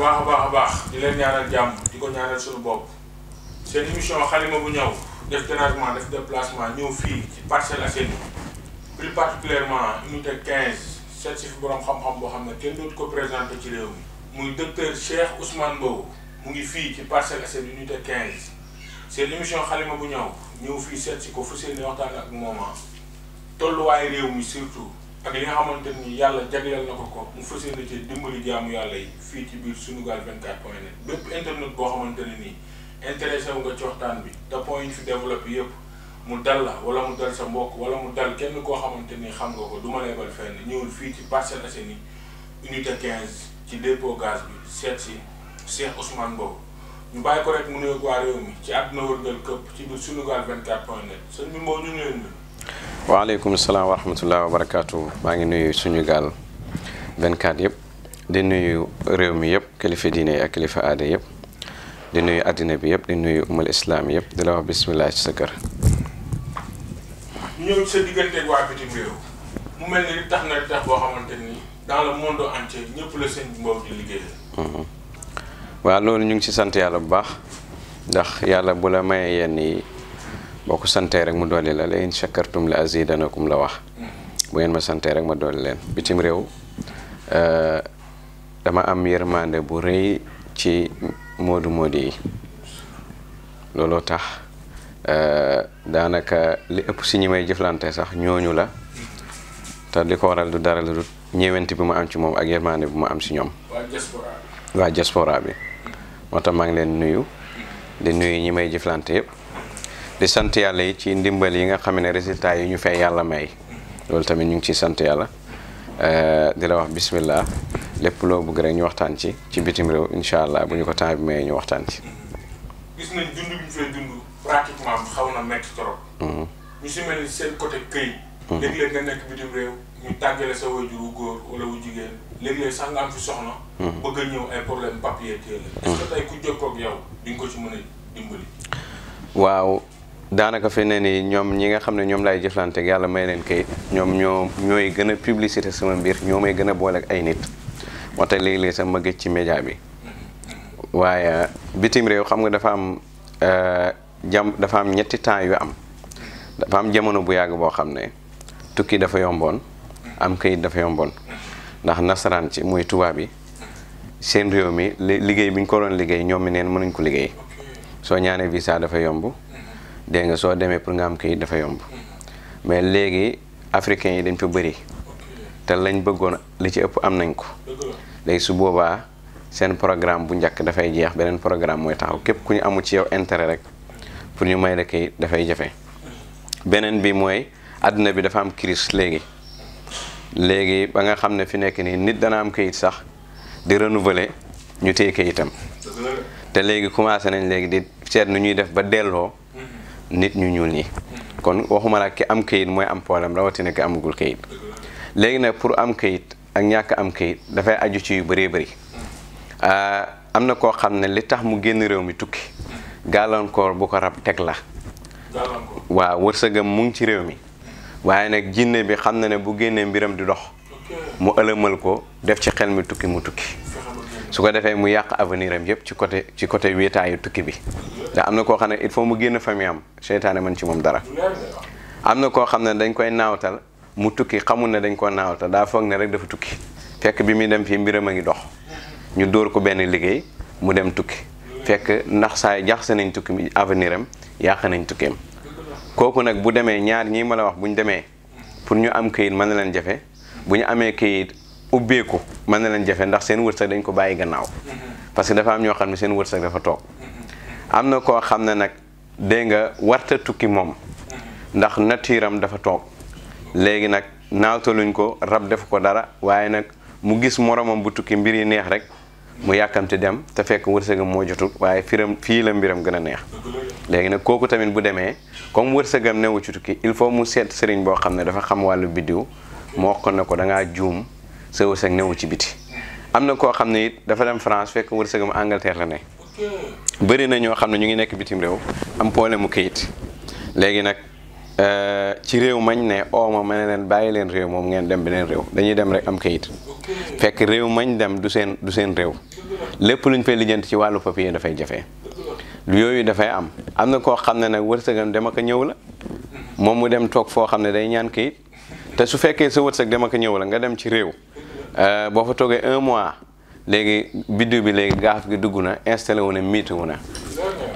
baax a baax a baax di leen ñaanal jàmm di ko ñaanal suñu bopp seen émission xalima bu ñëw def dénagement def déplacement ñëw fii ci Parcelles Assainies plus particulièrement unité 15 seet si fi borom xam-xam boo xam ne kenn dootu ci réew mi muy docteur Cheikh Ousmane Mbow mu ngi fii ci Parcelles Assainies unité 15 seen émission xalima bu ñëw ñëw fii seet si ko fu seen i waxtaan ak mooma tolluwaayu réew mi surtout ak li nga xamante ni yàlla jagleel na ko ko mu fas yéene ci dimbali jaamu yàlla yi fii ci biir sunugal 24 point net bépp internet boo xamante ne nii intéressé wu nga ci bi te point yi ñu fi développé yëpp mu dal la wala mu dal sa mbokk wala mu dal kenn koo xamante ni xam nga ko du ma lebal ñëwul fii ci Parcelles Assainies unité 15 ci dépôt gaz bi seet si Cheikh Ousmane boobu ñu bàyyi ko rek mu nuyoog waa réew mi ci àdduna wërngal këpp ci biir sunugal 24 point net sëñ waaleykum salaam wa rahmatulah barakaatu maa ngi nuyu suñu gaal 24 yëpp di nuyu réew mi yëpp kilifa diine yi ak kilifa aada yëpp di nuyu àddina bi yëpp di nuyu umal islaam yëpp di la waa bitim réew mu mel ni li tax na li tax boo xamante ni dans le monde entier ñëpp la seen mboom di liggéeyal. Mhm. waaw loolu ñu ngi ci sant yàlla bu baax ndax yàlla bu la mayee yenn yi. boo ko santee rek mu dolli la la in shakartum la azidanakum la wax bu ngeen ma santee rek ma dolli leen bitim réew eh, dama am yërmande bu rëy ci moodu moodi yi looloo tax eh, daanaka li ëpp si ñi may jëflante sax ñooñu la te li ko waral du dara la du ñeewante bi ma am ci moom ak yërmande bi ma am si ñoom waa diaspora bi moo tax maa ngi leen nuyu di nuyu ñi may jëflante yëpp di sant yàlla yi ci ndimbali yi nga xam ne résultat yi ñu fay yàlla may loolu tamit ñu ngi ciy sant yàlla euh, di la wax bismillah lépp loo bëgg rek ñu waxtaan ci ci bitim réew incha allah bu ñu ko temps bi ñu waxtaan ci. gis nañ dund bi ñu fay mm-hmm. mm-hmm. réew ñu tàggale sa wajur wu góor wala wu jigéen léeg-léeg sax nga am fi soxna. Mm-hmm. bëgg a ñëw ay problème papier téye la. tey ku jokkoo yow di ko ci mën a waaw. daanaka fi ne ni ñoom ñi nga xam ne ñoom laay jëflante yàlla may leen kayit ñoom ñoo ñooy gën a publicité sama mbir ñoo may gën a boole ak ay nit moo tax léeg-léeg sax ma gëj ci média bi waaye bitim réew xam nga dafa am eh, jam dafa am ñetti temps yu am dafa am jamono bu yàgg boo xam ne tukki dafa yomboon am kayit dafa yomboon ndax nasaraan ci muy tubaab yi seen réew mi liggéey bi ñu ko doon liggéey ñoom mi neen mënuñ ko liggéey soo ñaanee visa dafa yomb dégg nga soo demee pour nga am kayit dafa yomb mais léegi africains yi dañ fa bëri te lañ bëggoon li ci ëpp am nañ ko léegi su boobaa seen programme bu njëkk dafay jeex beneen programme mooy taxaw képp ku ñu amul ci yow intérêt rek pour ñu may la dafay jafe beneen bi mooy àdduna bi dafa am crise léegi léegi ba nga xam ne fi nekk nii nit dana am kayit sax di renouveler ñu téye kayitam te léegi commencé nañ léegi di seet nu ñuy def ba delloo nit ñu ñuul ñi kon waxuma nag ki am kayit mooy am problème rawatina ki amagul kayit léegi nag pour am kayit ak ñàkk am kayit dafay aju ci yu bëree bëri ah, am na koo xam ne li tax mu génn réew mi tukki gàllankoor bu ko rab teg la waaw wërsëgam mu ci réew mi waaye nag jinne bi xam na ne bu génnee mbiram di dox mu ëlëmal ko def ci xel mi tukki mu tukki su ko defee mu yàq avenir am yëpp ci côté ci côté wéetaayu tukki bi ndax am na koo xam ne il faut mu génn famille seytaane man ci moom dara am na koo xam ne dañ koy naawatal mu tukki xamul ne dañ ko naawtal daa foog ne rek dafa tukki fekk bi muy dem fii mbiram a ngi dox ñu dóor ko benn liggéey mu dem tukki fekk ndax saay jaxase nañ tukki bi avenir am yàq nañ tukkiam kooku nag bu demee ñaar ñii ma la wax bu ñu demee pour ñu am këyit mën na leen jafe bu ñu amee këyit ubbeeku mën na leen jafe ndax seen wërsëg dañ ko bàyyi gannaaw mm-hmm. parce que dafa am ñoo xam ne seen wërsëg dafa toog mm-hmm. am na koo xam ne nag dégg nga warta tukki moom mm-hmm. ndax nature am dafa toog léegi nag naawtaluñ ko rab def ko dara waaye nag mu gis moromam bu tukki mbir yi neex rek mu yàkkamti dem te fekk wërsëgam moo jotul waaye firam fii la mbiram gën a neex léegi nag kooku tamit bu demee comme wërsëgam newu ci tukki il faut mu seet sëriñ boo xam ne dafa xam wàllu biddiw mu wax ne ko da ngaa juum sa wërsëg newu ci biti am na koo xam ne it dafa dem France fekk wërsëgam Angleterre la ne bëri na ñoo xam ne ñu ngi nekk bitim réew am problème mu kayit léegi nag euh, ci réew mañ ne ooma oh, ma ne leen bàyyi leen réew moom ngeen dem beneen réew dañuy dem rek am kayit fekk réew mañ dem du seen du seen réew lépp luñ fay lijjanti ci wàllu papier dafay jafe yooyu dafay am am na koo xam ne nag wërsëgam dem ak a ñëw la moom mu dem toog foo xam ne day ñaan kayit te su fekkee sa wërsëg dem ak ñëw la nga dem ci réew. Euh, boo fa toogee un mois léegi biddiw bi léegi gaaf gi dugg na installé wu na miitu wu na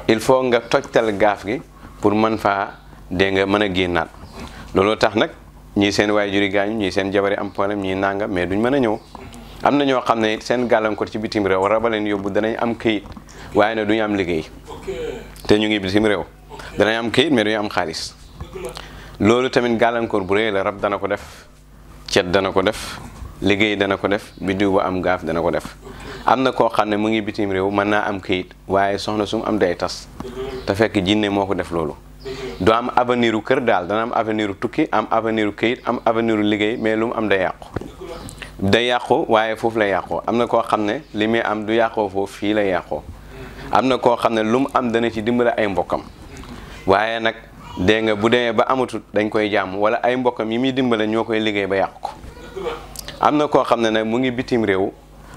il faut nga toj tel gaaf gi pour mën faa dee nga mën a génnaat looloo tax nag ñii seen waay juri gaañu ñi seen jabari am problème ñii nangam mais duñ mën a ñëw am na ñoo xam ne seen gàllankoor ci bitim réew raba leen yóbbu danañ am këyit waaye ne duñu am liggéey te ñu ngi bitim réew danañ am këyit mais duñu am xaalis loolu tamit gàllankoor bu rëy la rab dana ko def cet dana ko def liggéey dana ko def biddiw ba am gaaf dana ko def am na koo xam ne mu ngi bitim réew mën naa am këyit waaye soxna su am day tas te fekk jinne moo ko def loolu du am avenir kër daal dana am avenir tukki am avenir u këyit am avenir liggéey mais lu mu am day yàqu day yàqu waaye foofu la yàqoo am na koo xam ne li muy am du yàqoo foofu fii la yàqoo am na koo xam ne lu mu am dana ci dimbale ay mbokkam waaye nag dégg nga bu demee ba amatut dañ koy jàmm wala ay mbokkam yi muy dimbale ñoo koy liggéey ba yàqu ko am na koo xam ne nag mu ngi bitim réew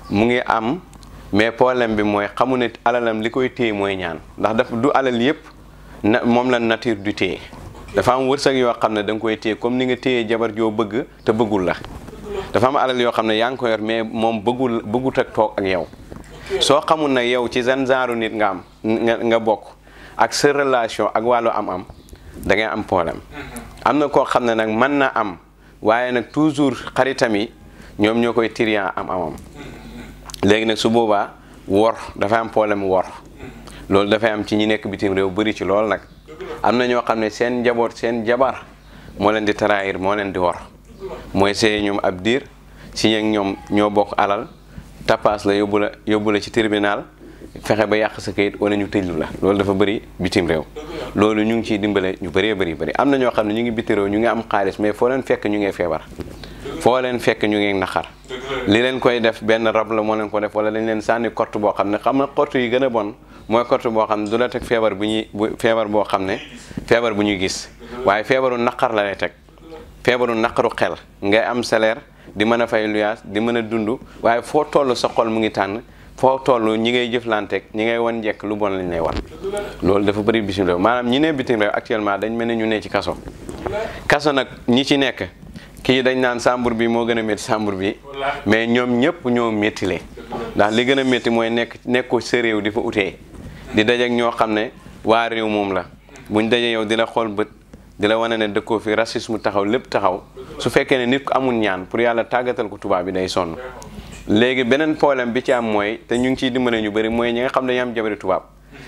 mu ngi am mais problème bi mooy xamu ne alalam li koy téye mooy ñaan ndax daf du alal yépp na moom la nature du téye dafa am wërsëg yoo xam ne da nga koy téye comme ni nga téye jabar joo bëgg te bëggul la dafa am alal yoo xam ne yaa ngi ko yor mais moom bëggul bëggut ak toog ak yow soo xamul nag yow ci seen genre nit nga am nga bokk ak sa relation ak wàllu am-am da am problème mm-hmm. am na koo xam ne nag mën na am waaye nag toujours xaritam yi ñoom ñoo koy tiriyan am amam léegi nag su boobaa wor dafa am problème wor loolu dafay am ci ñi nekk bitim réew bëri ci loolu nag am na ñoo xam ne seen njaboot seen jabar moo leen di trahir moo leen di wor mooy see ñoom ab diir si ñeen ñoom ñoo bokk alal tapaas la yóbbu la yóbbu la ci tribunal fexe ba yàq sa kayit wala ñu tëjlu la loolu dafa bëri bitim réew loolu ñu ngi ciy dimbale ñu bëree bëri bëri am na ñoo xam ne ñu ngi bitim réew ñu ngi am xaalis mais foo leen ñu ngi feebar foo leen fekk ñu ngi naqar li leen koy def benn rab la moo leen ko def wala dañ leen sànni kott boo xam ne xam na kott yi gën a bon mooy kott boo xam ne du la teg feebar bu ñuy feebar boo xam ne feebar bu ñuy gis waaye feebaru naqar la teg feebaru naqaru xel ngay am salaire di mën a fay luyaas di mën a dund waaye foo toll sa xol mu ngi tànn foo toll ñi ngay jëf lanteek ñi ngay won njekk lu bon lañ lay wan loolu dafa bëri bitim réew maanaam ñi ne bitim réew actuellement dañ mel ne ñu ne ci kaso kaso nag ñi ci nekk kii dañ naan chambre bi moo gën a métti chambre bi mais ñoom ñëpp ñoo méttile ndax li gën a métti mooy nekk nekkoo sa réew di fa utee di dajeek ñoo xam ne waa réew moom la buñ dajee yow di la xool bët di la wane ne dëkkoo fi racisme taxaw lépp taxaw su fekkee ne nit ku amul ñaan pour yàlla tàggatal ko tubaab bi day sonn léegi beneen poolem bi ci am mooy te ñu ngi ciy dimbale ñu bëri mooy ñi nga xam ne dañu am jabari tubaab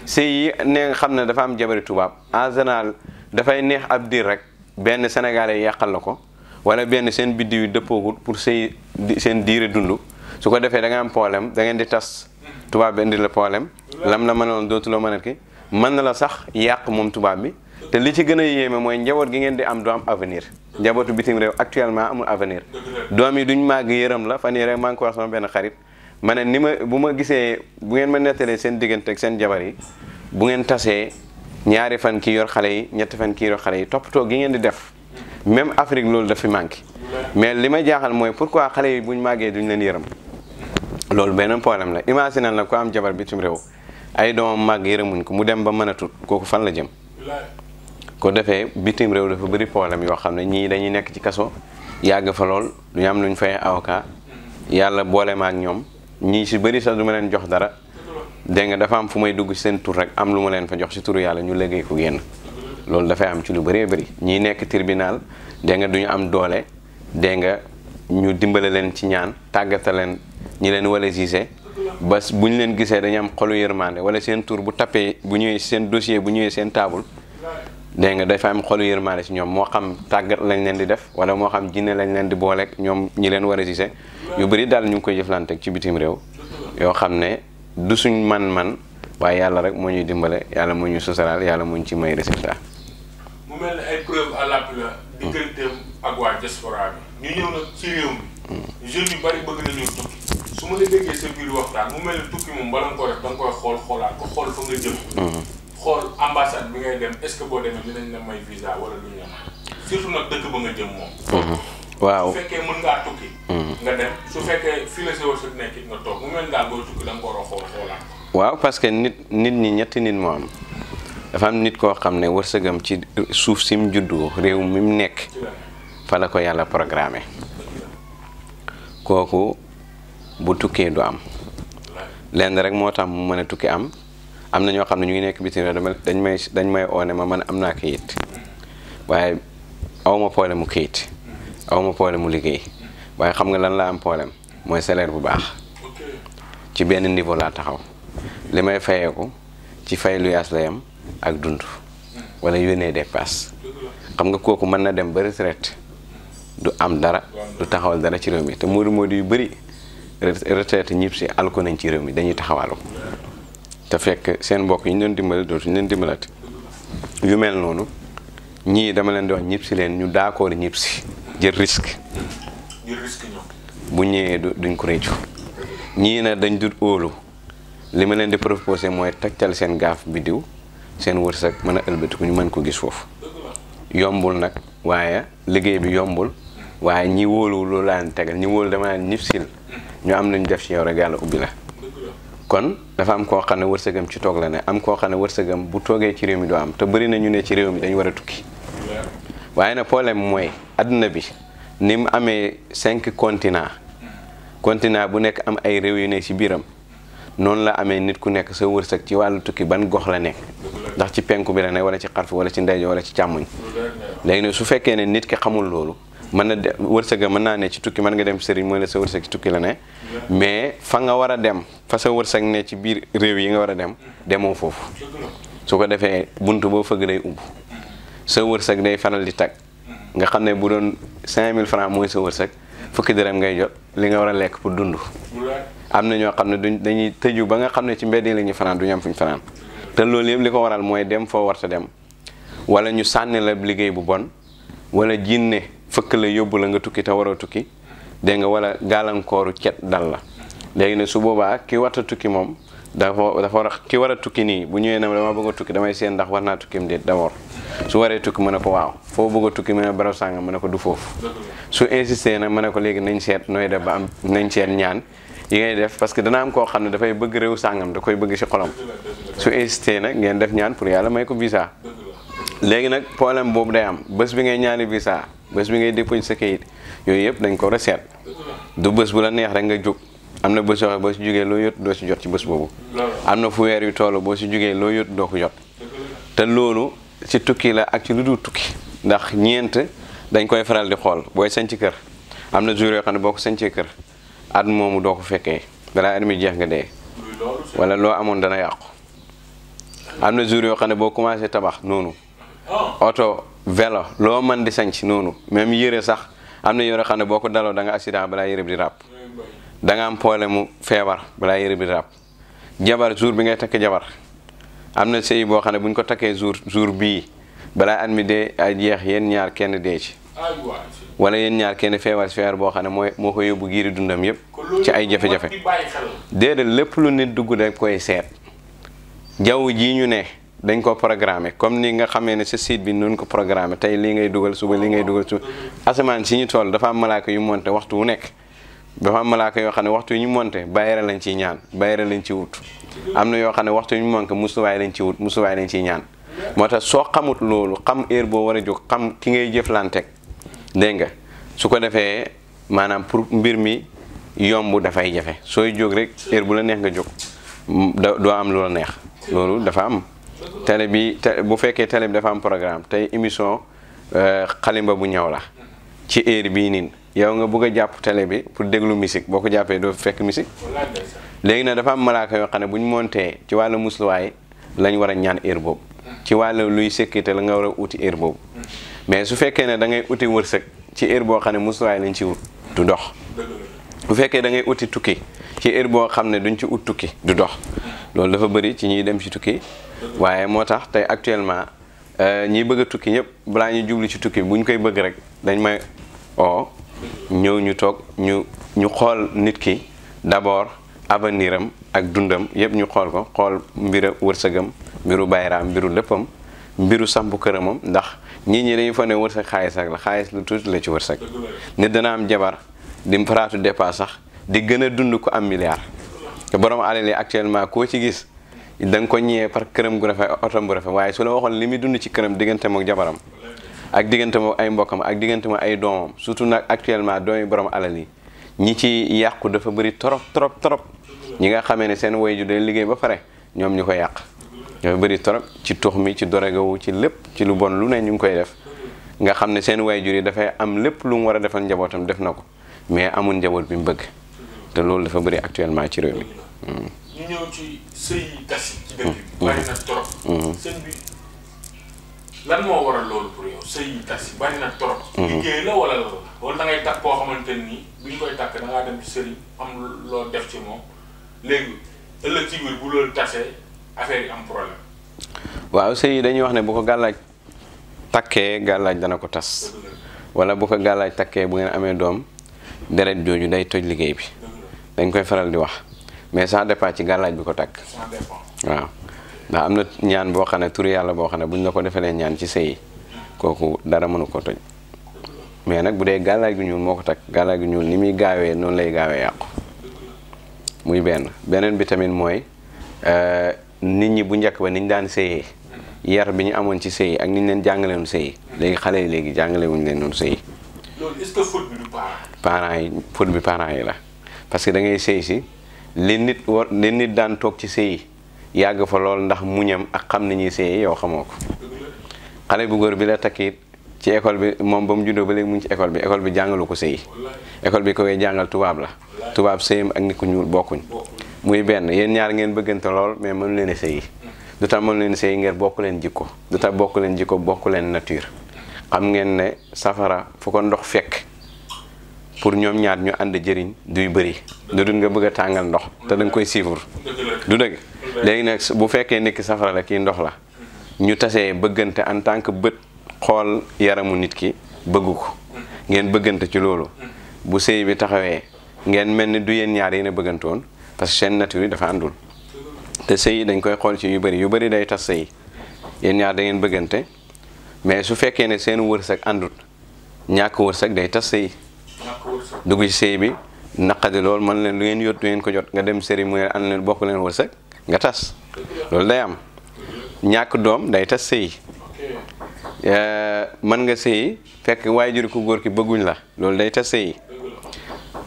si yi ne nga xam ne dafa am jabari tubaab en général dafay neex ab diir rek benn sénégalais yàqal la ko wala benn seen biddiw yi dëppoogut pour sëy seen diire dund su ko defee da am problème da ngeen di tas tubaab bi indi la problème lam la mënaloon dootu la mënati mën na la sax yàq moom tubaab bi te li ci gën a yéeme mooy njaboot gi ngeen di am du am avenir njabootu bitim réew actuellement amul avenir doom yi duñ màgg yërëm la fan yii rek maa ngi ko wax benn xarit ma ne ni ma bu ma gisee bu ngeen ma nettalee seen diggante seen jabar yi bu tasee ñaari fan yor xale yi ñetti fan kii yor xale yi toppatoo gi ngeen di def même Afrique loolu daf fi mais li ma jaaxal mooy pourquoi xale yi buñ màggee duñ leen yërëm loolu beneen problème la imagine la ko am jabar bitim réew ay doomam màgg yërëmuñ ko mu dem ba mën a tut kooku fan la jëm ko defee bitim réew dafa bëri problème yoo xam ne ñii dañuy nekk ci kaso yàgg fa lool lu duñu am lu ñu fay awka yàlla boole ma ak ñoom ñii si bëri sax du ma leen jox dara dégg nga dafa am fu may dugg seen tur rek am lu ma leen fa jox si turu yàlla ñu liggéey ko génn loolu dafay am ci lu bëree bëri ñi nekk tribunal dégg nga du ñu am doole dee nga ñu dimbale leen ci ñaan tàggata leen ñi leen wala gisee ba bu ñu leen gisee dañu am xolu yërmande wala seen tur bu tapé bu ñëwee seen dossier bu ñëwee seen table dégg nga dafa am xolu yërmande ci ñoom moo xam tàggat lañ leen di def wala moo xam jinne lañ leen di booleek ñoom ñi leen war a gisee yu bari daal ñu ngi koy jëflante ci bitim réew yoo xam ne du suñ man-man waaye yàlla rek moo ñuy dimbale yàlla moo ñu sosalaal yàlla moo ñu ci mu mel ne ay preuve à la digganteem ak waa diaspora bi ñu ñëw nag ci réew mi jeunes yu bari bëgg nañoo tukki su ma la déggee sa biir waxtaan mu mel ne tukki moom bala nga koy def koy xool xoolaat ko xool fa nga jëm mhm. xool ambassade bi ngay dem est-ce que boo demee dinañ la may visa wala lu ñu surtout nag dëkk ba nga jëm moom mhm. waaw su fekkee mën ngaa tukki mhm. nga dem su fekkee fii la sa wërsëg nekk it nga toog mu mel daal boo tukki da ko war xool parce que nit ñi ñetti nit moo dafa am nit koo xam ne wërsëgam ci suuf si mu juddoo réew mi mu nekk fa la ko yàlla programmé kooku bu tukkee du am lenn rek moo tax mu mën a tukki am am na ñoo xam ne ñu ngi nekk biti réew dañ may dañ may oone ma man am naa kayit waaye aw ma mu kayit awma ma mu liggéey waaye xam nga lan laa am poolem mooy salaire bu baax ci benn niveau laa taxaw li may fayeeku ci fay lu yaas la yam ak dund wala yónnee dépasse xam nga kooku mën na dem ba retraite du am dara du taxawal dara ci réew mi te moodu moodu yu bëri retraite ñëpp si alko nañ ci réew mi dañuy taxawaalu te fekk seen mbokk yi ñu doon dimbali dootuñu leen dimbalati yu mel noonu ñii dama leen di wax ñëpp si leen ñu d'accord ñëpp si jël risque bu ñëwee duñ ko réccu ñii na dañ dut óolu li ma leen di proposé mooy taccal seen gaaf bi diw seen wërsëg mën a ëlbatiku ñu mën ko gis foofu yombul nag waaye liggéey bi yombul waaye ñi wóolu loolu laan tegal ñi wóolu dama naan ñif ñu am nañu def ci rek yàlla ubbi la kon dafa am koo xam ne wërsëgam ci toog la ne am koo xam ne wërsëgam bu toogee ci réew mi doo am te bëri na ñu ne ci réew dañu war a tukki waaye nag problème mooy adduna bi ni mu amee cinq continent continent bu nekk am ay réew yu ne ci biiram noonu la amee nit ku nekk sa wërsëg ci wàllu tukki ban gox la nekk ndax ci penku bi la ne wala ci xarfu wala ci ndeyjo wala ci càmmuñ léegi ne su fekkee ne nit ki xamul loolu mën na de wërsëg mën naa ne ci tukki mën nga dem sëriñ mooy la sa wërsëg ci la ne mais fa nga war a dem fa sa wërsëg ne ci biir réew yi nga war a dem demoo foofu su ko defee bunt boo fëgg day ubb sa wërsëg day faral di tag nga xam ne bu doon 5000 francs mooy sa wërsëg fukki dërëm ngay jot li nga war a lekk pour dund am na ñoo xam ne duñ dañuy tëju ba nga xam ne ci mbedd yi la ñuy fanaan du am fuñ fanaan te loolu yëpp li ko waral mooy dem foo warta dem wala ñu sànni la liggéey bu bon wala jinne fëkk la yóbbu la nga tukki te waroo tukki dégg wala gàllankooru cet dal la léegi ne su boobaa ki warta tukki moom dafa dafa war a ki war tukki nii bu ñëwee na dama bëgg a tukki damay seen ndax war naa tukkim déet d'abord su waree tukki mën a ko waaw foo bëgg tukki mën a baraw sànga mën a ko du foofu su insisté na mën a ko léegi nañ seet nooy def ba am nañ seet ñaan yi ngay def parce que dana am koo xam ne dafay bëgg réew sàngam da koy bëgg ci xolam su insisté nag ngeen def ñaan pour yàlla may ko visa léegi nag problème boobu day am bés bi ngay ñaani visa bës bi ngay déposé sa kayit yooyu yëpp dañ ko reseet du bës bu la neex rek nga jóg am na bés yoo xam boo si jógee loo yot doo si jot ci bés boobu am na fu weer yu toll boo si jógee loo yot doo ko jot te loolu ci tukki la ak ci lu dul tukki ndax ñeent dañ koy faral di xool booy sanc kër am na jour yoo xam ne boo ko sancee kër at moomu doo ko fekkee balaa at mi jeex nga dee wala loo amoon dana yàqu am na jour yoo xam ne boo commencé tabax noonu oto velo loo mën di sanc noonu même yére sax am na yore xam ne boo ko daloo da nga accident balaa yére bi di rab danga am problème mu feebar balaa yére bi di ràpp jabar jour bi ngay takk jabar am na sëy boo xam ne bu ñu ko takkee jour jour bii balaa an mi dee a jeex yéen ñaar kenn dee wala yéen ñaar kenn feebar feebar boo xam ne mooy moo ko yóbbu giiri dundam yëpp ci ay jafe-jafe déedéet lépp lu nit dugg da koy seet jaww jii ñu ne dañ koo programme comme ni nga xamee ne sa site bi noonu ko programmé tey lii ngay dugal suba li ngay dugal suba asamaan si ñu toll dafa am malaaka yu monte waxtu wu nekk dafa am malaaka yoo xam ne waxtu yu ñu monte bàyyira lañ ciy ñaan bàyyira lañ ci wut am na yoo xam ne waxtu yu ñu monte musuwaay lañ ciy wut musuwaay lañ ciy ñaan moo soo xamut loolu xam heure boo war a jóg xam ki ngay jëflanteeg dégg nga su ko defee maanaam pour mbir mi yomb dafay jafe sooy jóg rek heure bu la neex nga jóg doo am lu la neex loolu dafa am télé bi bu fekkee tele bi dafa am programme tey émission euh, xalimba bu ñaw la ci heure bii niin yow nga bëgg a jàpp tele bi pour déglu musique boo ko jàppee doo fekk musique léegi nag dafa am malaaka yoo xam ne bu ñu montee ci wàllu musluwaay lañ war a ñaan heure boobu ci wàllu luy sécurité la nga war a uti heure boobu mais su fekkee ne da ngay uti wërsëg ci heure boo xam ne musuwaay lañ ci wut du dox bu fekkee da ngay uti tukki ci heure boo xam ne duñ ci ut tukki du dox loolu dafa bëri ci ñuy dem ci tukki waaye moo tax tey actuellement euh, ñi bëgg a tukki ñëpp balaa ñu jublu ci tukki buñ koy bëgg rek dañ may oo ñëw ñu toog ñu ñu xool nit ki d'abord avenir am ak dundam yëpp ñu xool ko xool mbira wërsëgam mbiru bayraam mbiru léppam mbiru samp këramam ndax ñii ñi dañu fa ne wërsëg xaalis rek la xaalis lu tuuti la ci wërsëg ne dana am jabar di faraatu dépasse sax di gën a dund ko am milliard te borom alal yi actuellement koo ci gis da ko ñëwee par këram gu rafet otom bu rafet waaye su la waxoon li muy dund ci këram diggante mook jabaram ak diggante moom ay mbokkam ak diggante moom ay doomam surtout nag actuellement doomi borom alal yi ñi ci yàqu dafa bëri trop trop trop ñi nga xamee ne seen woy ju day liggéey ba pare ñoom ñu ko yàq dafa bëri torop ci tux mi ci doregawu ci lépp ci lu bon lu ne ñu ngi koy def nga xam ne seen waajur yi dafay am lépp lu mu war a defal njabootam def na ko mais amul njaboot bi mu bëgg te loolu dafa bëri actuellement ci réew hmm. ci sëy hmm. torop. Hmm. moo liggéey la wala loolu. wala da takk koo xamante ni bi ñu koy takk da dem ci sëriñ am loo def ci moom léegi ëllëg ci biir bu loolu tasee. affaire yi waaw sëy dañuy wax ne bu ko gàllaaj takkee gàllaaj dana ko tas wala bu ko gàllaaj takkee bu ngeen amee doom deret jooju day toj liggéey bi dañ koy faral di wax mais ça dépend ci gàllaaj bi ko takk waaw ndax am na ñaan boo xam ne turi yàlla boo xam ne bu buñ la ko defalee ñaan ci sëy kooku dara mënu ko toj mais nag bu dee gàllaaj gu ñuul moo ko takk gàllaaj gu ñuul ni muy gaawee noonu lay gaawee yàqu muy benn beneen bi tamit mooy euh, nit ñi bu njëkk ba niñ daan séyee yar bi ñu amoon ci séy ak niñ leen jàngalewoon séy léegi xale yi léegi jàngalewuñ leen noonu séy loolu yi faute bi parent yi la parce que da ngay séy si li nit war li nit daan toog ci séy yàgg fa lool ndax muñam ak xam ni ñuy séyee yow xamoo ko xale bu góor bi la takkit ci école bi moom ba mu juddoo ba léegi mu ngi ci école bi école bi jàngalu ko séy école bi ko koy jàngal tubaab la tubaab séyam ak nit ku ñuul bokkuñ muy benn yéen ñaar ngeen bëggante lool mais mënu leen a sëyi du tax mënu leen a sëyi ngeen bokk leen jikko du tax bokk leen jikko bokk leen nature xam ngeen ne safara fu ko ndox fekk pour ñoom ñaar ñu ànd jëriñ duy bëri du dun nga bëgg a tàngal ndox te da koy siifur du dëgg léegi nag bu fekkee nit safara la kii ndox la ñu tasee bëggante en tant que bët xool yaramu nit ki bëgg ko ngeen bëggante ci loolu bu sëy bi taxawee ngeen mel ni du yéen ñaar yéen a bëggantoon parce que seen nature yi andul te sëy dañ koy xool ci yu bëri yu bëri day tas sëy yéen ñaar da ngeen bëggante mais su fekkee ne seen wërsëg àndul ñàkk wërsëg day tas sëy dugg ci bi naqadi loolu man leen lu ngeen yot du ko jot nga dem cérémonie ànd leen bokk leen wërsëg nga tas loolu day am ñàkk doom day tas sëy eh, mën nga sëy fekk waajur ku góor ki bëgguñ la loolu day tas sëy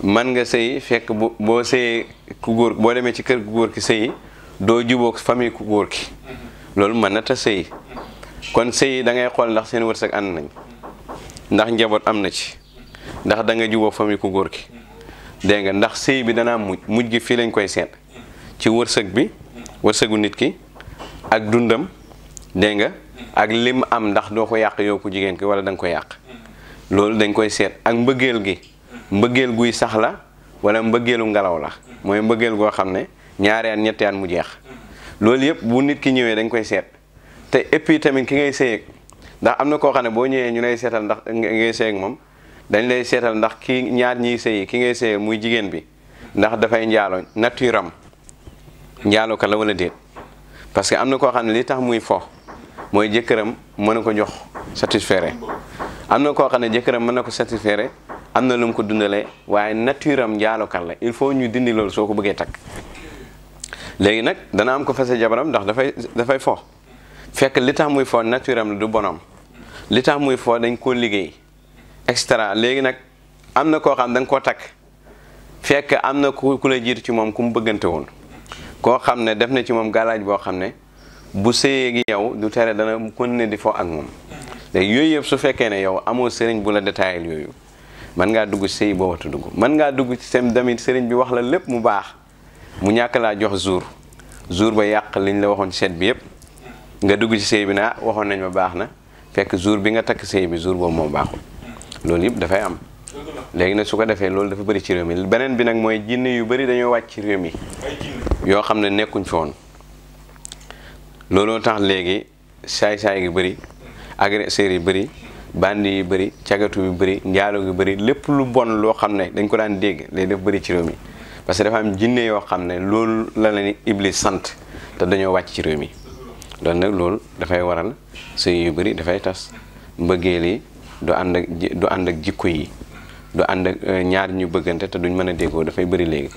man nga sëyi fekk bu boo sëyee ku góor boo demee ci kër gu góor ki sëyi doo jubóog famille ku góor ki loolu mën na ta sëyi kon sëyi dangay xool ndax seen wërsëg ànd nañ ndax njaboot am na ci ndax da nga jubóog ku góor ki dégg nga ndax sëy bi danaa mujj mujj gi fii lañ koy seet ci wërsëg bi wërsëgu nit ki ak dundam dégg nga ak lim am ndax doo ko yàq yow ko jigéen ki wala danga ko yàq loolu dañ koy seet ak mbëggeel gi mbëggeel guy sax la wala mbëggeelu ngelaw la mooy mbëggeel goo xam ne ñaari at ñetti at mu jeex loolu yëpp bu nit ki ñëwee dañ koy seet te et puis tamit ki ngay seeyeg ndax am na koo xam ne boo ñëwee ñu lay seetal ndax ngay seeyeg moom dañ lay seetal ndax ki ñaar ñi seey ki ngay seeyeg muy jigéen bi ndax dafay njaalo nature am njaalo ka la walla déet parce que am na koo xam ne li tax muy fo mooy jëkkëram mën a ko jox satisfaire am na koo xam ne jëkkëram mën na ko satisfaire am na lu mu ko dundalee waaye nature am njaalokat la il faut ñu dindi loolu soo ko bëggee takk léegi nag dana am ko fase jabaram ndax dafay dafay fo fekk li tax muy fo nature am la du bonam li tax muy fo dañ koo liggéey extra léegi nag am na koo xam da nga koo takk fekk am na ku ku la jiit ci moom ku mu bëggante woon koo xam ne def na ci moom galaaj boo xam ne bu sëyeegi yow du tere dana kon ne di fo ak moom léegi yooyu yëpp su fekkee ne yow amoo sëriñ bu la détaillé yooyu mën ngaa dugg ci sëy boo watu dugg mën ngaa dugg ci seen damit sëriñ bi wax la lépp mu baax mu ñàkk laa jox jour jour ba yàq liñ la waxoon ci seet bi yëpp nga dugg ci sëy bi naa waxoon nañ baax na fekk jour bi nga takk sëy bi jour boobu moo baaxul loolu yëpp dafay am léegi nag su ko defee loolu dafa bëri ci réew beneen bi nag mooy jinne yu bëri dañuy wàcc ci réew mi yoo xam ne nekkuñ foon looloo tax léegi saay-saay gi bëri agresseurs yi bëri bandi yi bëri cagatu yu bëri njaaloo yu bari lépp lu bon loo xam ne dañ ko daan dégg day def bari ci réew mi parce que dafa am jinne yoo xam ne loolu la leen iblis sant te dañoo wàcc ci réew mi doon nag loolu dafay waral sëy yu bëri dafay tas mbëggeel yi du ànd ak du ànd ak jikko yi du ànd ak euh, ñaar ñu bëggante te duñ mën a déggoo dafay bari léegi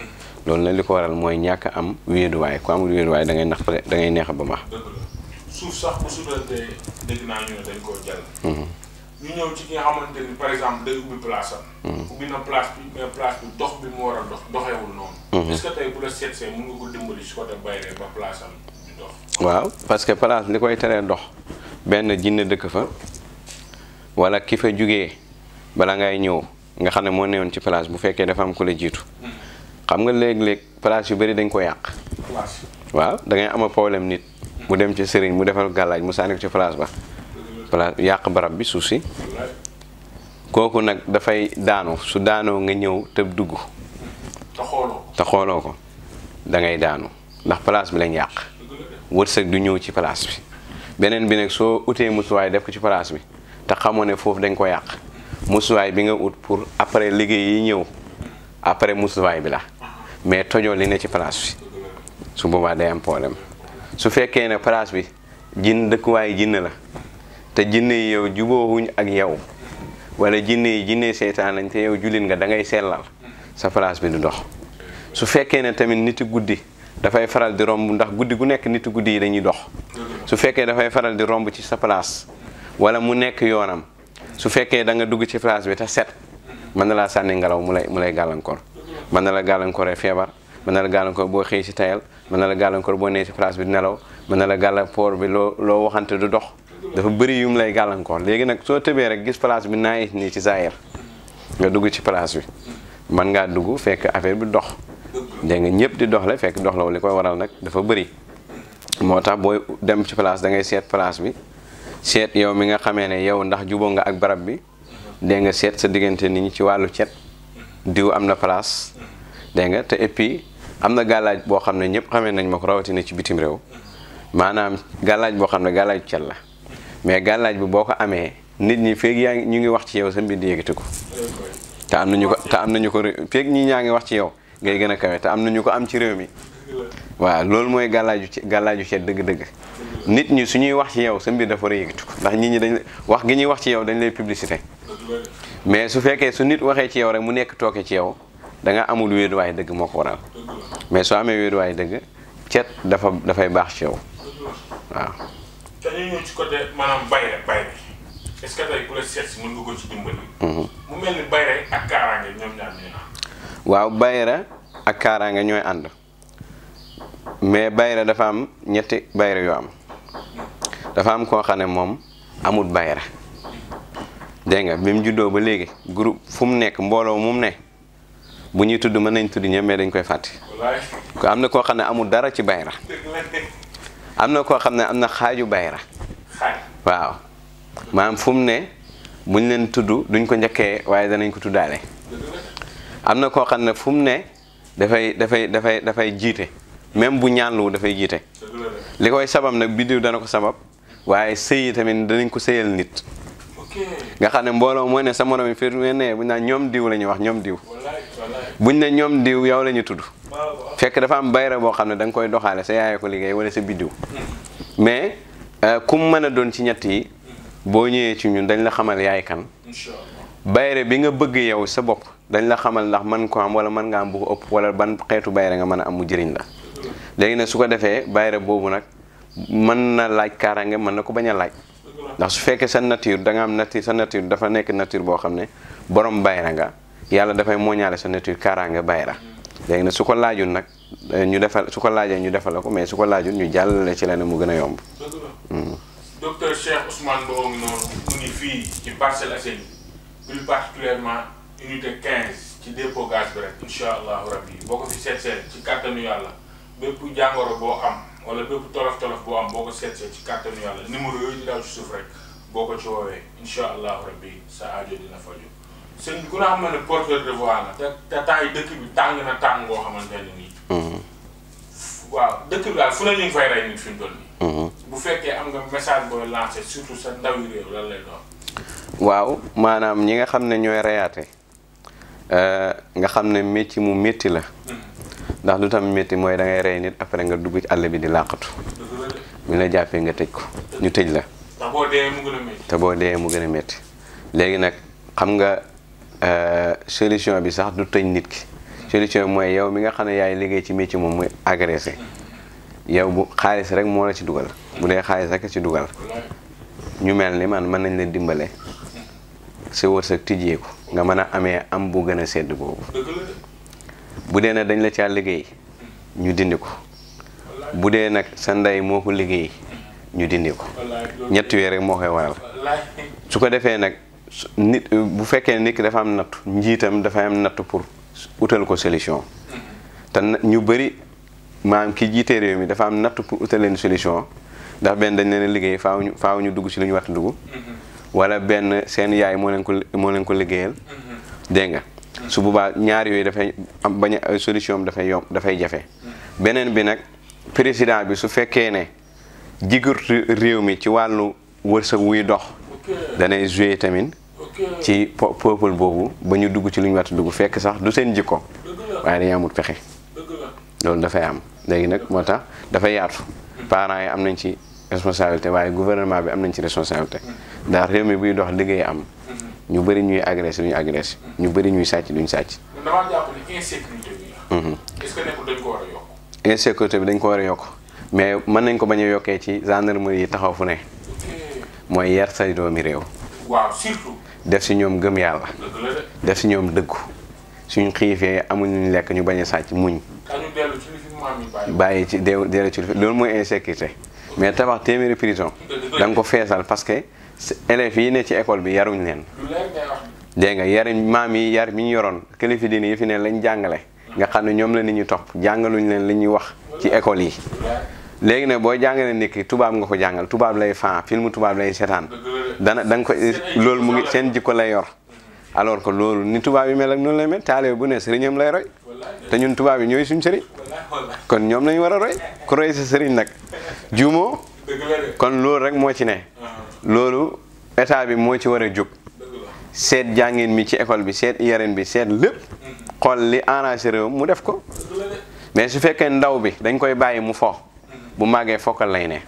loolu nag li ko waral mooy ñàkk am wéeduwaay ku amul wéeduwaay da ngay nax da ngay neex ba maax suuf sax bu sudantee dégg naa ñu dañ koo jël. Mhm. ñu ñëw ci ki xamante ni par exemple day ubbi place mhm. ubbi na place bi mais bi mu war a doxewul noonu. Mhm. est tey bu la seetsee mun nga ko dimbali si côté Bayre ba place am di waaw parce que place li koy teree dox benn jinne dëkk fa wala ki fa jugee balaa ngay ñëw nga xam ne moo newoon ci place bu fekkee dafa am ko la jiitu. xam nga léeg-léeg place yu bari dañ ko yàq. waaw da ngay am mu dem ci sëriñ mu defal gàllaaj mu sànni ko ci place ba place yàq barab bi suuf si kooku nag dafay daanu su daanoo nga ñëw tëb dugg te xooloo ko da ngay daanu ndax place bi lañ yàq wërsëg du ñëw ci place bi beneen bi nag soo utee musuwaay def ko ci place bi te xamoo ne foofu dañ ko yàq musuwaay bi nga ut pour après liggéey yi ñëw après musuwaay bi la mais tojoo li ne ci place bi su boobaa day am problème su fekkee ne place bi jinn dëkkuwaay jinn la te jinne yi yow jubóowuñ ak yow walla jinne yi jinne seytaan lañ te yow jullit nga da ngay sellal sa place bi du dox su fekkee ne tamit niti guddi dafay faral di romb ndax guddi gu nekk niti guddi yi dañuy dox su fekkee dafay faral di romb ci sa place wala mu nekk yoonam su fekkee da nga dugg ci place bi te set mën na laa sànni ngelaw mu lay mu lay gàllankoor mën na la gàllankooree feebar mën na la gàllankoor boo xëy si tayal mën na la gàllankoor boo nee ci place bi nelaw mën na la gàllankoor bi loo loo waxante du dox dafa bëri yum lay gàllankoor léegi nag soo tëbee rek gis place bi naay nii ci zaahir nga dugg ci place bi mën ngaa dugg fekk affaire bi dox dégg ñëpp di doxle fekk doxlaw li koy waral nag dafa bëri moo tax booy dem ci place da ngay seet place bi seet yow mi nga xamee ne yow ndax juboo nga ak barab bi dégg nga seet sa diggante nit ñi ci wàllu cet diw am na place dégg nga te et am na gàllaaj boo xam ne ñëpp xamee nañ ma ko rawatina ci bitim réew maanaam gàllaaj boo xam ne gàllaaj cal la mais gàllaaj bi boo ko amee nit ñi feeg yaa ñu ngi wax ci yow sa mbir di yëkkati ko te am nañu ko te am nañu ko feeg ñi ñaa ngi wax ci yow ngay gën a kawe te am nañu ko am ci réew mi waaw loolu mooy gàllaaju ci gàllaaju cet dëgg-dëgg nit ñi su ñuy wax ci yow sa mbir dafa war a yëkkati ko ndax nit ñi dañ wax gi ñuy wax ci yow dañ lay publicité mais su fekkee su nit waxee ci yow rek mu nekk tooke ci yow danga nga amul wéeruwaay dëgg moo ko waral mais soo amee wéeruwaay dëgg cet dafa dafay baax ci yow waaw. te ñu nga mhm. ñooy ànd. waaw bayra ak kaaraange ñooy ànd mais bayra dafa am ñetti bayra yu am dafa am koo xam ne moom amut bayra dégg nga bi mu juddoo ba léegi groupe fu mu nekk mbooloo mu mu ne. bu ñuy tudd mën nañ tudd ñëpp mais dañ koy fàtte am na koo xam ne amul dara ci bayra am na koo xam ne am na xaaju bayra waaw maanaam fu ne buñ leen tudd duñ ko njëkkee waaye danañ ko tuddaale am na koo xam ne fu mu ne dafay dafay dafay dafay jiite même bu ñaan lu dafay jiite li koy sabab nag biddiw dana ko sabab waaye sëy yi tamit danañ ko sëyal nit nga xam ne mbooloo mooy ne sa morom yi fi mu ne bu ñu naan ñoom diw la ñuy wax ñoom diw bu buñ ne ñoom diw yow la ñu tudd fekk dafa am bayre boo xam ne da nga koy doxaale sa yaay ko liggéey wala sa biddiw mais euh, ku mën a doon ci ñett yi boo ñëwee ci ñun dañ la xamal yaay kan bayre bi nga bëgg yow sa bopp dañ la xamal ndax man ko am wala mën nga am bu ko ëpp wala ban xeetu bayre nga mën a am mu jëriñ la léegi nag su ko defee bayre boobu nag mën na laaj kaaraange mën na ko bañ a laaj ndax su fekkee sa nature danga nga am nature sa nature dafa nekk nature boo xam ne borom bayre nga yàlla dafay mooñaale sa nature kaaraange bayra léegi nag su ko laajul nag eh, ñu defal su ko laajee ñu defal la ko mais su ko laajul ñu jàllale ci leneen mu gën a yomb. Hmm. docteur Cheikh Ousmane Mbow ngi noonu mu ngi fii ci Parcelles Assainies plus particulièrement unité 15 ci dépôt gaz bi rek incha allahu rabbi boo ko fi seet seet ci kàttanu yàlla bépp jàngoro boo am wala bépp tolof tolof boo am boo ko seet seet ci kàttanu yàlla numéro yooyu di daw suuf rek boo ko ci woowee incha allahu rabbi sa sëñ bi ku ne waaw maanaam ñi nga xam ne ñooy reyaate euh, nga xam ne métti mu metti la. Mhm. ndax lu tam metti mooy dangay rey nit après nga dugg ci àll bi di làqatu. ñu la jàppee nga tëj ko ñu tëj la. te boo dee mu gën a métti. léegi nag xam nga. Euh, solution bi sax du tëj nit ki solution bi mooy yow mi nga xam ne yaay liggéey ci ci moom mooy agressé yow bu xaalis rek moo la ci dugal bu dee xaalis rek ci dugal ñu mel ni man mën nañ leen dimbale sa wërsëg ko nga mën a amee am bu gën a sedd boobu bu dee nag dañ la caa liggéey ñu dindi ko bu dee nag sa ndey moo ko liggéey ñu dindi ko ñett yooyu rek moo koy waral su ko defee nag. Euh, bu fekkee nit ki dafa am natt njiitam dafa am nattu pour utal ko solution te ñu bëri maanaam ki jiitee réew mi dafa am natt pour utal leen solution ndax benn dañ leen liggéey faaw ñu faaw ñu dugg ci lu ñu war a dugg wala benn seen yaay moo leen ko moo ko liggéeyal dégg nga su boobaa ñaar yooyu dafay am bañ solution am dafay yomb dafay jafe beneen bi nag président bi su fekkee ne jigurtu réew mi ci wàllu wërsëg wuy dox danay joué tamit ci peuple boobu ba ñu dugg ci lu ñu war a dugg fekk sax du seen jikko waaye dañuy amut pexe loolu dafay am léegi nag moo tax dafay yaatu parent yi am nañ ci responsabilité waaye gouvernement bi am nañ ci responsabilité ndax réew mi buy dox liggéey am ñu bëri ñuy agressé duñu agressé ñu bëri ñuy sàcc duñu sàcc. damaa jàpp mhm. insécurité bi. dañ ko war a yokk. mais mën nañ ko bañ a yokkee ci gendarmerie yi taxaw fu ne. mooy yar say doomi réew. def si ñoom gëm yàlla def si ñoom dëggu suñ xiifee amuñ luñ lekk ñu bañ a sàcc muñ bàyyi ci deew dellu ci loolu mooy insécurité mais tabax téeméeri prison da nga ko feesal parce que élèves yi ne ci école bi yaruñ leen dégg nga yar maam yi yar mi ñu yoroon kilifa diine yi fi ne lañ jàngale nga xam ne ñoom la nit ñu topp jàngaluñ leen li ñuy wax ci école yi léegi nag boo jàngalee nit ki tubaab nga ko jàngal tubaab lay fan film tubaab lay setaan dana da ko loolu mu ngi seen jikko lay yor alors que loolu ni tubaab yi mel ak noonu lay mel taale bu ne sëriñam lay te ñun tubaab yi ñooy suñ sëriñ kon ñoom lañu war a roy ku roy nag juumoo kon loolu rek moo ci ne loolu état bi moo ci war a jóg seet jàngin mi ci école bi seet yaren bi seet lépp xool li arrangé réew mu def ko mais su fekkee ndaw bi dañ koy bàyyi mu fo bu màggee fokkal lay ne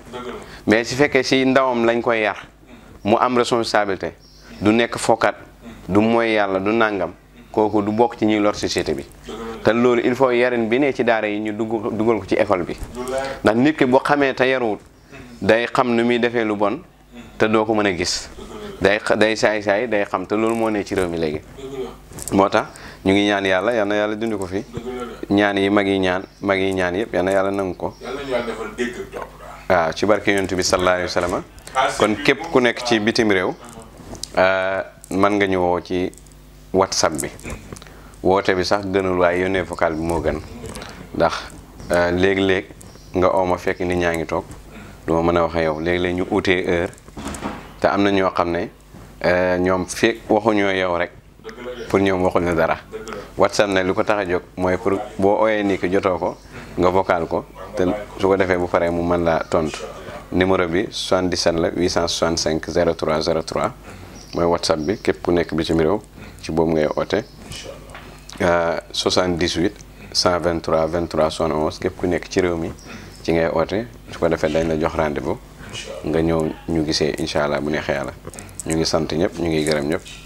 mais su fekkee si ndawam lañ koy yar mu am responsabilité du nekk fokkat du mooy yàlla du nàngam kooku du bokk ci ñuy lor société bi te loolu il faut yarin bi ne ci daara yi ñu dugg dugal ko ci école bi ndax nit ki boo xamee te yaruwut day xam nu muy defee lu bon te doo ko mën a gis day day saay saay day xam te loolu moo ne ci réew mi léegi moo tax ñu ngi ñaan yàlla yal na yàlla dund ko fii ñaan yi mag yi ñaan mag yi ñaan yëpp yal yàlla nangu ko waaw ci barke yonent bi kon képp ku nekk ci bitim réew uh-huh. uh, mën nga ñu woo ci whatsapp bi woote bi sax gënul waaye yónnee vocal bi moo gën ndax uh, léeg-léeg nga ooma fekk nit ñaa ngi toog duma mën a wax yow léeg-léeg ñu utee heure te am na ñoo xam ne uh, ñoom fekk waxuñoo yow rek pour ñoom waxuñu dara whatsapp nag li ko tax a jóg mooy pour boo ooyee nii ki jotoo ko nga vocal ko te su ko defee bu paree mu man laa tontu numéro bi 77 la 865 03 03 mooy whatsapp bi képp ku nekk bitim réew ci boobu ngay oote 78 123 23 71 képp ku nekk ci réew mi ci ngay oote su ko defee dañ la jox rendez-vous nga ñëw ñu gisee incha allah bu neexee yàlla ñu ngi sant ñëpp ñu ngi gërëm ñëpp.